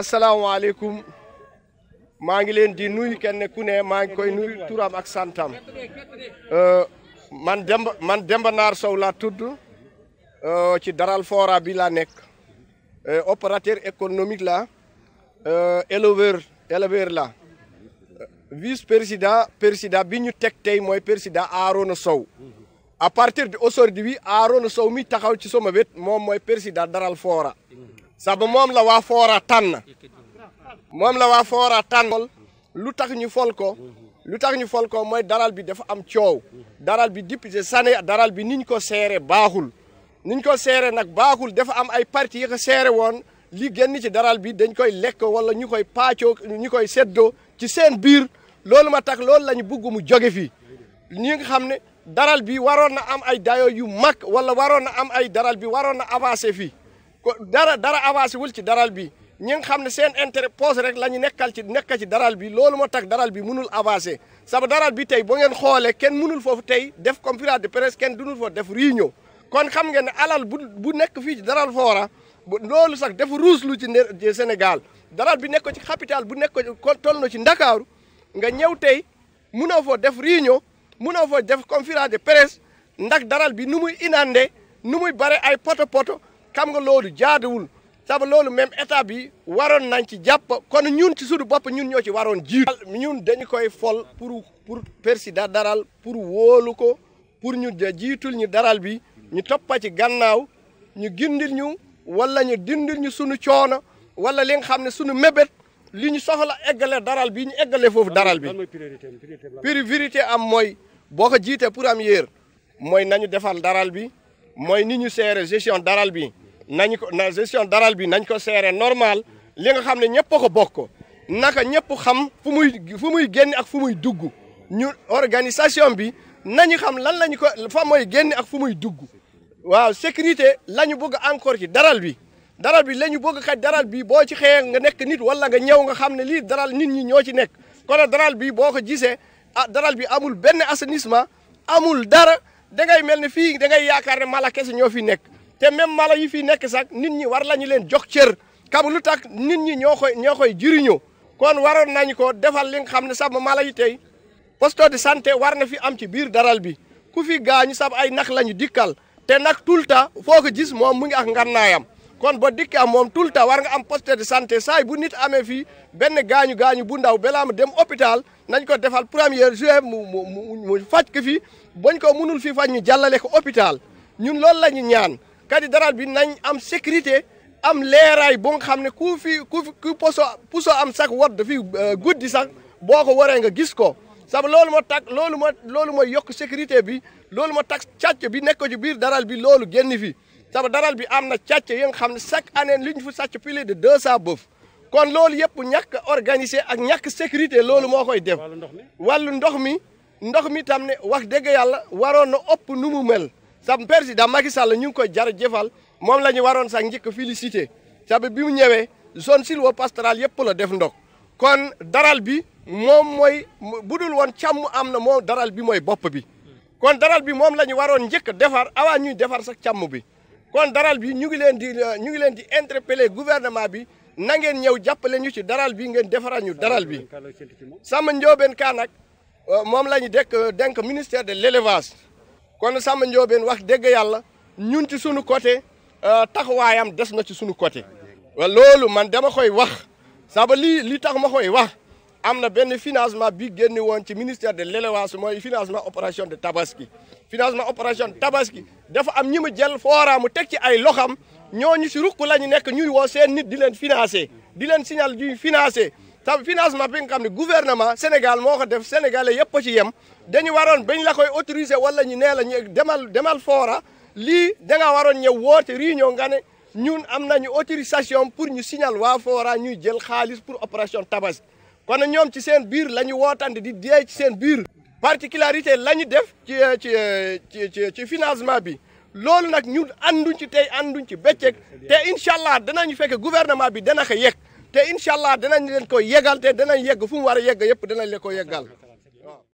asalaamaaleykum maa ngi leen di nuyu kenn ku ne maa ngi koy nuyu turam ak santam euh, man Demba man Demba Naar Sow laa tudd euh, ci daral foora bi laa nekk euh, opérateur économique la éleveur éleveur la vice président président bi ñu teg tey mooy président Arona Sow à partir de aujourd'hui bi Arona Sow mi taxaw ci sama wet moom mooy président daral foora saba moom la waa Foora tànn moom la waa Foora tànn lu tax ñu fol ko lu tax ñu fol ko mooy daral bi dafa am coow daral bi député Sané daral bi niñ ko seere baaxul niñ ko seere nag baakul dafa am ay parti yi seere woon li génn ci daral bi dañ koy lekk wala ñu koy paacoo ñi koy seddoo ci seen biir loolu ma tax lool lañu ñu mu jóge fii ñi nga xam ne daral bi waroon na am ay dayo yu mag wala waroon na am ay daral bi waroon na avancé fii dara dara avancé wul ci daral bi ñi nga xam ne seen intérêt poste rek la ñu nekkal ci nekk ci daral bi loolu moo tax daral bi mënul avancé sama daral bi tey boo ngeen xoolee kenn mënul foofu tey def conférence de presse kenn dunul foofu def réunion kon xam ngeen ne alal bu bu nekk fii ci daral foora loolu sax def ruus lu ci Sénégal daral bi nekko ci capital bu nekko ko toll na ci Ndakaaru nga ñëw tey mënoo foo def réunion mënoo foo def conférence de presse ndax daral bi nu muy inande nu muy bare ay poto poto xam nga loolu jaaduwul saba loolu même état bi waroon nañ ci jàpp kon ñun ci suñu bopp ñun ñoo ci waroon jiit ñun dañu koy fol pour pour président daral pour wóolu ko pour ñu jiitul ñu daral bi ñu toppa ci gannaaw ñu gindil ñu wala ñu dindil ñu suñu coono wala li nga xam ne suñu mébét li ñu soxla eggale daral bi ñu eggale foofu daral bi priorité am mooy boo ko jiitee pour am yéer mooy nañu defal daral bi mooy ni ñu seere gestion daral bi nañu ko na gestion daral bi nañ ko seere normal li nga xam ne ñëpp a ko bokk naka ñëpp xam fu muy fu muy génn ak fu muy dugg ñu organisation bi nañu xam lan lañu ko fa mooy génn ak fu muy dugg waaw sécurité la bugg bëgg encore ci daral bi daral bi la ñu bëgg kat daral bi boo ci xëyee nga nekk nit wala nga ñëw nga xam ne lii daral nit ñi ñoo ci nekk kon daral bi boo ko gisee ah daral bi amul benn assainissement amul dara da ngay mel ne fii da ngay yaakaar ne mala kese ñoo fi nekk te même mala yi fi nekk sax nit ñi war lañu leen jox cër kam lu tax nit ñi ñoo koy ñoo koy jëriñoo kon waroon nañu ko defal li nga xam ne sax mala yi tey poste de santé war na fi am ci biir daral bi ku fi gaañu sax ay nax lañu dikkal te nag tout le temps foo ko gis moom mu ngi ak ngannaayam kon boo dikk am moom tout le temps war nga am poste de sante saay bu nit amee fii benn gaañu gaañu bu ndaw balaa mu dem hôpital nañ ko defal premier juin mu mu mu faj ko fi bañ ko mënul fi faj ñu jàllale ko hôpital ñun loolu la ñu ñaan. cathédrale bi nañ am sécurité am leeraay bu nga xam ne ku fi ku fi ku poso poso am sax war dafi euh, guddi sax boo ko waree nga gis ko sax loolu moo tax loolu moo loolu mooy yokk sécurité bi loolu moo tak càcc bi nekk ci biir daral bi loolu génn fi sax daral bi am na càcc yi nga xam ne chaque année li fu fi sàcc de deux cent bëf kon loolu yëpp ñàkk organisé ak ñàkk sécurité loolu moo koy def wàllu ndox mi ndox mi tam ne wax dëgg yàlla waroon na ëpp nu mu mel sam président Macky Sall ñu ngi koy jërëjëfal moom la ñu waroon sax njëkk félicité sabi bi mu ñëwee zone sylvopastorale yëpp la def ndox kon daral bi moom mooy budul woon càmm am na moom daral bi mooy bopp bi kon daral bi moom la ñu waroon njëkk defar avant ñuy defar sax càmm bi kon daral bi ñu ngi leen di ñu ngi leen di interpeller gouvernement bi na ngeen ñëw jàppale ñu ci daral bi ngeen defaral ñu daral bi sama njoobeen kaa nag euh, moom la ñu dekk denk ministère de l' élevage kon Samba Ndiobène wax dëgg yàlla ñun ci sunu côté euh, taxawaayam des na ci sunu côté loolu man dama koy wax saba lii li tax ma koy wax am na benn financement bi génn woon ci ministère de l'élevage mooy financement opération de tabaski financement opération de tabaski dafa am ñi mu jël fooraa mu teg ci ay loxam ñooñu si rukk la ñu nekk ñuy woo seen nit di leen financé di leen signal financé sax financement bi nga xam ne gouvernement Sénégal moo ko def sénégalais yëpp a ci yem dañu waroon bañ la koy autoriser wala ñu nee la ñu demal demal foora lii da nga waroon ñëw woote réunion nga ne ñun am nañu autorisation pour ñu signal waa foora ñuy jël xaalis pour opération tabaski kon ñoom ci seen biir la ñu wootante di dee ci seen biir particularité la ñu def ci ci ci financement bi loolu nag ñun ànduñ ci tey ànduñ ci bëccëg te incha allah danañu fekk gouvernement bi dana ko te incha allah danañ leen ko yegal te danañ yegg fu mu war a yegg yëpp danañ leen ko yeggal